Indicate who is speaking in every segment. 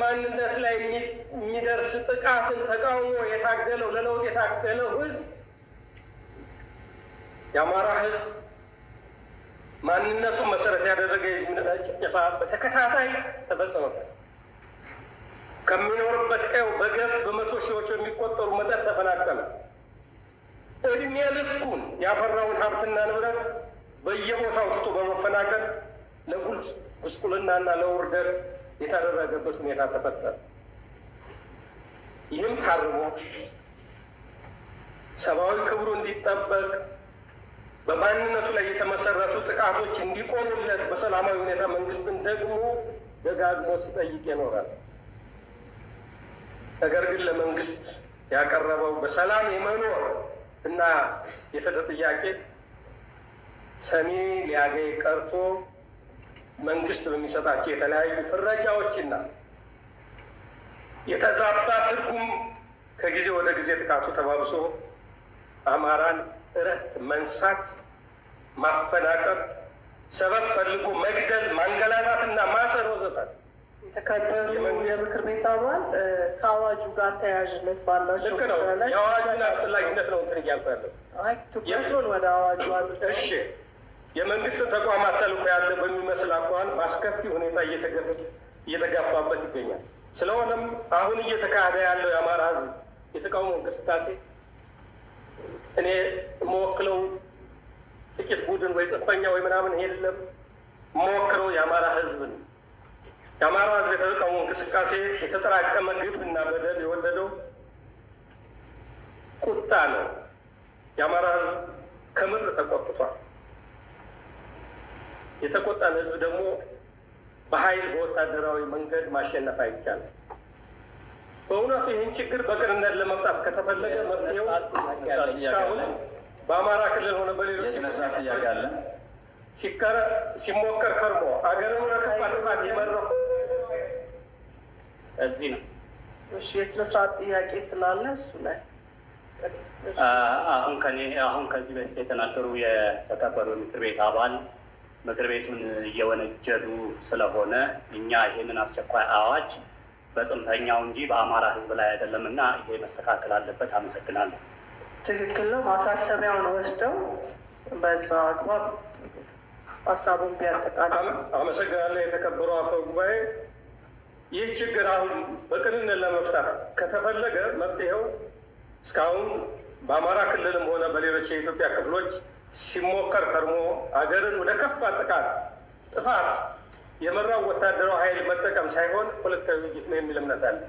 Speaker 1: በማንነት ላይ የሚደርስ ጥቃትን ተቃውሞ የታገለው ለለውጥ የታገለው ህዝብ የአማራ ህዝብ ማንነቱን መሰረት ያደረገ የህዝብ ጭፍጨፋ በተከታታይ ተፈጸመበት። ከሚኖርበት ቀየው በገብ በመቶ ሺዎች የሚቆጠሩ መጠን ተፈናቀለ። እድሜ ልኩን ያፈራውን ሀብትና ንብረት በየቦታው ትቶ በመፈናቀል ለጉስቁልናና ለውርደት የተደረገበት ሁኔታ ተፈጠረ። ይህም ታርቦ ሰብአዊ ክብሩ እንዲጠበቅ በማንነቱ ላይ የተመሰረቱ ጥቃቶች እንዲቆሙለት በሰላማዊ ሁኔታ መንግስትን ደግሞ ደጋግሞ ሲጠይቅ ይኖራል። ነገር ግን ለመንግስት ያቀረበው በሰላም የመኖር እና የፍትህ ጥያቄ ሰሚ ሊያገኝ ቀርቶ መንግስት በሚሰጣቸው የተለያዩ ፍረጃዎችና የተዛባ ትርጉም ከጊዜ ወደ ጊዜ ጥቃቱ ተባብሶ አማራን እረፍት መንሳት፣ ማፈናቀል፣ ሰበብ ፈልጎ መግደል፣ ማንገላናት እና ማሰር ወዘታል። የተከበሩ የምክር ቤት አባል ከአዋጁ ጋር ተያያዥነት ባላቸው የአዋጁን አስፈላጊነት ነው እንትን እያልኩ ያለው ትኩረቱን ወደ አዋጁ እሺ የመንግስት ተቋማት ተልዕኮ ያለ በሚመስል አኳኋን በአስከፊ ሁኔታ እየተጋፋበት ይገኛል። ስለሆነም አሁን እየተካሄደ ያለው የአማራ ህዝብ የተቃውሞ እንቅስቃሴ እኔ የምወክለው ጥቂት ቡድን ወይ ጽንፈኛ ወይ ምናምን የለም። የምወክለው የአማራ ህዝብ ነው። የአማራ ህዝብ የተቃውሞ እንቅስቃሴ የተጠራቀመ ግፍ እና በደል የወለደው ቁጣ ነው። የአማራ ህዝብ ከምር ተቆጥቷል። የተቆጣን ህዝብ ደግሞ በኃይል በወታደራዊ መንገድ ማሸነፍ አይቻልም። በእውነቱ ይህን ችግር በቅንነት ለመፍታት ከተፈለገ መፍትሄው እስካሁን በአማራ ክልል ሆነ በሌሎች ሲሞከር ከርሞ አገርም ረከባ ጥፋት ሲመረው እዚህ ነው። እሺ የስነ ጥያቄ ስላለ እሱ ላይ አሁን ከኔ አሁን ከዚህ በፊት የተናገሩ የተከበሩ ምክር ቤት አባል ምክር ቤቱን እየወነጀሉ ስለሆነ እኛ ይህንን አስቸኳይ አዋጅ በጽንፈኛው እንጂ በአማራ ህዝብ ላይ አይደለም እና ይሄ መስተካከል አለበት። አመሰግናለሁ። ትክክል ነው። ማሳሰቢያውን ወስደው በዛ አግባብ ሀሳቡን ቢያጠቃልሉ። አመሰግናለሁ። የተከበሩ አፈ ጉባኤ፣ ይህ ችግር አሁን በቅንነት ለመፍታት ከተፈለገ መፍትሄው እስካሁን በአማራ ክልልም ሆነ በሌሎች የኢትዮጵያ ክፍሎች ሲሞከር ከርሞ አገርን ወደ ከፋ ጥቃት ጥፋት የመራው ወታደራዊ ኃይል መጠቀም ሳይሆን ፖለቲካዊ ውይይት ነው የሚል እምነት አለ።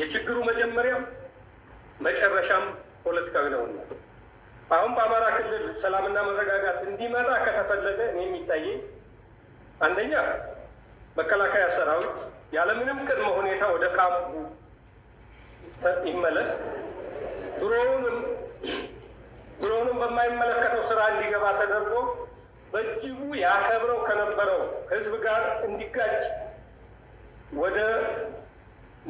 Speaker 1: የችግሩ መጀመሪያም መጨረሻም ፖለቲካዊ ነውና አሁን በአማራ ክልል ሰላምና መረጋጋት እንዲመጣ ከተፈለገ እኔ የሚታየኝ አንደኛ መከላከያ ሰራዊት ያለምንም ቅድመ ሁኔታ ወደ ካምፑ ይመለስ ድሮውንም የማይመለከተው ስራ እንዲገባ ተደርጎ በእጅጉ ያከብረው ከነበረው ህዝብ ጋር እንዲጋጭ ወደ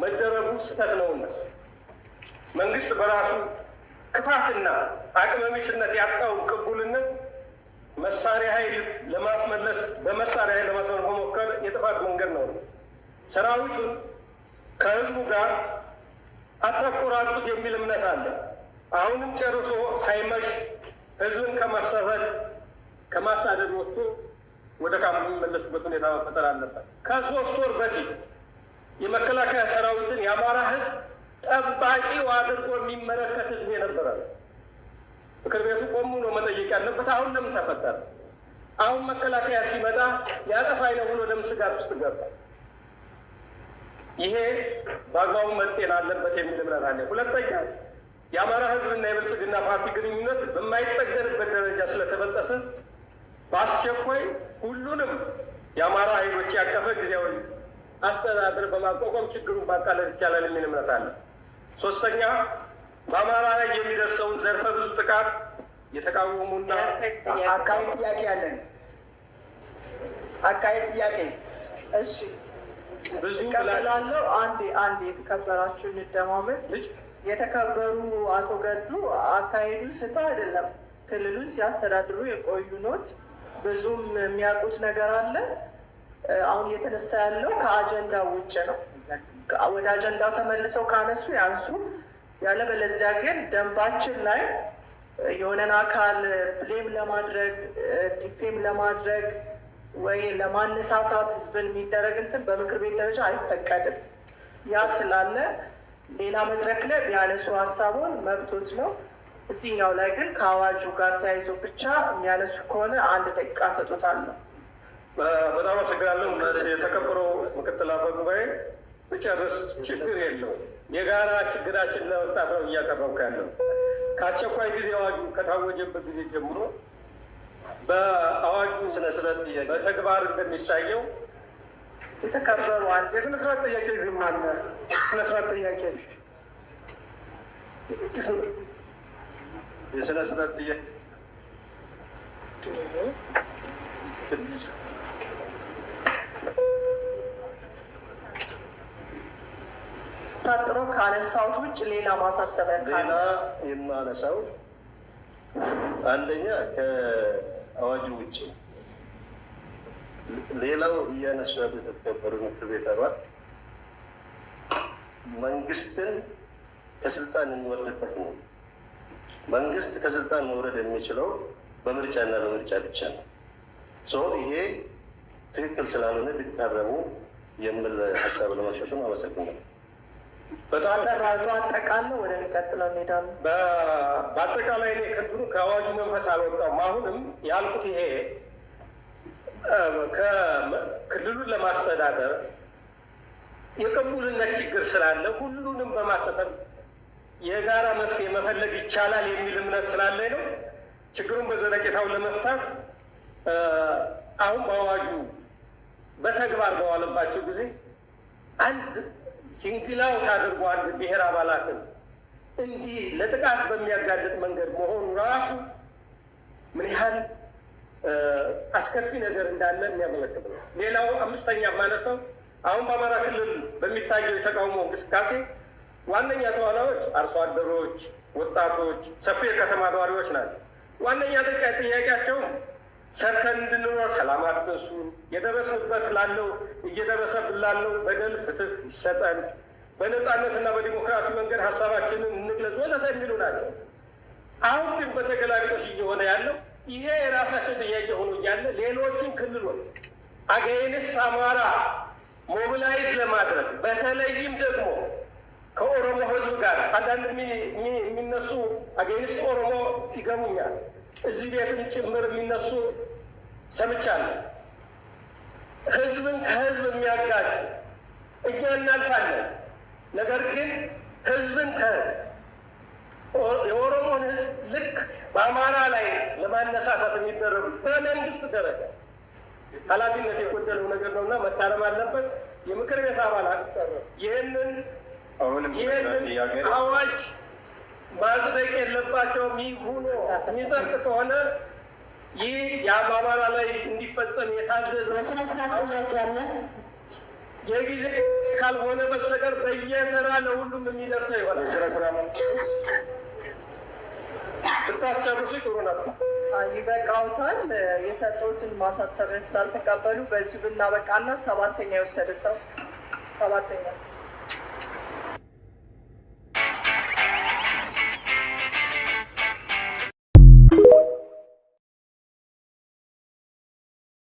Speaker 1: መደረጉ ስህተት ነውና መንግስት በራሱ ክፋትና አቅመሚስነት ያጣውን ቅቡልነት መሳሪያ ኃይል ለማስመለስ በመሳሪያ ኃይል ለማስመለስ መሞከር የጥፋት መንገድ ነው። ሰራዊቱን ከህዝቡ ጋር አታቆራጡት የሚል እምነት አለ። አሁንም ጨርሶ ሳይመሽ ህዝብን ከማሳሳት ከማሳደድ ወጥቶ ወደ ካምፕ የሚመለስበት ሁኔታ መፈጠር አለበት። ከሶስት ወር በፊት የመከላከያ ሰራዊትን የአማራ ህዝብ ጠባቂው አድርጎ የሚመለከት ህዝብ የነበረ ነው። ምክር ቤቱ ቆሙ ነው መጠየቅ ያለበት። አሁን ለምን ተፈጠረ? አሁን መከላከያ ሲመጣ ያጠፋኝ ነው ብሎ ለምን ስጋት ውስጥ ገባ? ይሄ በአግባቡ መጤን አለበት የሚል እምነት አለ። ሁለተኛ የአማራ ህዝብና የብልጽግና ፓርቲ ግንኙነት በማይጠገንበት ደረጃ ስለተበጠሰ በአስቸኳይ ሁሉንም የአማራ ኃይሎች ያቀፈ ጊዜያዊ አስተዳደር በማቋቋም ችግሩን ማቃለል ይቻላል የሚል እምነት አለ። ሶስተኛ በአማራ ላይ የሚደርሰውን ዘርፈ ብዙ ጥቃት የተቃወሙና አካሄድ ጥያቄ ያለን አካሄድ ጥያቄ እሺ፣ ብዙ ቀበላለሁ። አንዴ አንዴ የተከበራችሁ እንደማመት የተከበሩ አቶ ገዱ አካሄዱ ስፋ አይደለም። ክልሉን ሲያስተዳድሩ የቆዩ ኖት። ብዙም የሚያውቁት ነገር አለ። አሁን እየተነሳ ያለው ከአጀንዳ ውጭ ነው። ወደ አጀንዳው ተመልሰው ካነሱ ያንሱ። በለዚያ ግን ደንባችን ላይ የሆነን አካል ብሌም ለማድረግ ዲፌም ለማድረግ ወይ ለማነሳሳት ህዝብን የሚደረግ እንትን በምክር ቤት ደረጃ አይፈቀድም። ያ ስላለ ሌላ መድረክ ላይ ቢያነሱ ሀሳቡን መብቶት ነው። እዚህኛው ላይ ግን ከአዋጁ ጋር ተያይዞ ብቻ የሚያነሱ ከሆነ አንድ ደቂቃ ሰጦታለሁ። በጣም አመሰግናለሁ። የተከበረው ምክትል አፈ ጉባኤ ብጨርስ ችግር የለው። የጋራ ችግራችን ለመፍታት ነው እያቀረብኩ ያለው። ከአስቸኳይ ጊዜ አዋጁ ከታወጀበት ጊዜ ጀምሮ በአዋጁ ስነ በተግባር እንደሚታየው ይተከበሯል። የስነ ስርዓት ጥያቄ ዝም አለ። ስነ ስርዓት ጥያቄ የስነ ስርዓት ጥያቄ ሳጥሮ ካነሳሁት ውጭ ሌላ ማሳሰቢያ ሌላ የማነሳው አንደኛ ከአዋጁ ውጭ ነው። ሌላው እያነሱ ያሉት የተከበሩ ምክር ቤት አባል መንግስትን ከስልጣን የሚወርድበት ነው። መንግስት ከስልጣን መውረድ የሚችለው በምርጫና በምርጫ ብቻ ነው። ይሄ ትክክል ስላልሆነ ቢታረሙ የሚል ሀሳብ ለመስጠትም አመሰግናለሁ። በጣም ወደ ሚቀጥለው እንሄዳለን። በአጠቃላይ እኔ ከአዋጁ መንፈስ አልወጣም። አሁንም ያልኩት ይሄ ክልሉን ለማስተዳደር የቅቡልነት ችግር ስላለ ሁሉንም በማሰጠም የጋራ መፍትሄ መፈለግ ይቻላል የሚል እምነት ስላለ ነው። ችግሩን በዘለቄታውን ለመፍታት አሁን በአዋጁ በተግባር በዋለባቸው ጊዜ አንድ ሲንግላው ታድርጎ አንድ ብሔር አባላትን እንዲህ ለጥቃት በሚያጋልጥ መንገድ መሆኑ ራሱ ምን ያህል አስከፊ ነገር እንዳለ የሚያመለክት ነው። ሌላው አምስተኛ ማነሳው አሁን በአማራ ክልል በሚታየው የተቃውሞ እንቅስቃሴ ዋነኛ ተዋናዮች አርሶ አደሮች፣ ወጣቶች፣ ሰፊ የከተማ ነዋሪዎች ናቸው። ዋነኛ ጥያቄያቸውም ሰርተን እንድንኖር ሰላም አትንሱ፣ የደረስንበት ላለው እየደረሰብን ላለው በደል ፍትህ ይሰጠን፣ በነፃነትና በዲሞክራሲ መንገድ ሀሳባችንን እንግለጽ ወዘተ የሚሉ ናቸው። አሁን ግን በተገላቢጦሽ እየሆነ ያለው ይሄ የራሳቸው ጥያቄ ሆኖ እያለ ሌሎችን ክልሎች አገይንስ አማራ ሞቢላይዝ ለማድረግ በተለይም ደግሞ ከኦሮሞ ህዝብ ጋር አንዳንድ የሚነሱ አገይንስት ኦሮሞ ይገቡኛል። እዚህ ቤትም ጭምር የሚነሱ ሰምቻለሁ። ህዝብን ከህዝብ የሚያጋጭ እኛ እናልፋለን። ነገር ግን ህዝብን ከህዝብ የኦሮሞን ህዝብ በአማራ ላይ ለማነሳሳት የሚደረጉ በመንግስት ደረጃ ኃላፊነት የጎደለው ነገር ነው እና መታረም አለበት። የምክር ቤት አባላት ይህንን አዋጅ ማጽደቅ የለባቸውም። ይህ ሁኖ የሚጸድቅ ከሆነ ይህ በአማራ ላይ እንዲፈጸም የታዘዘ የጊዜ ካልሆነ በስተቀር በየተራ ለሁሉም የሚደርሰው ይሆናል። ብታስጨርሱ ጥሩ ነበር። ይበቃውታል። የሰጠሁትን ማሳሰቢያ ስላልተቀበሉ በዚህ ብናበቃና ሰባተኛ የወሰደ ሰው ሰባተኛ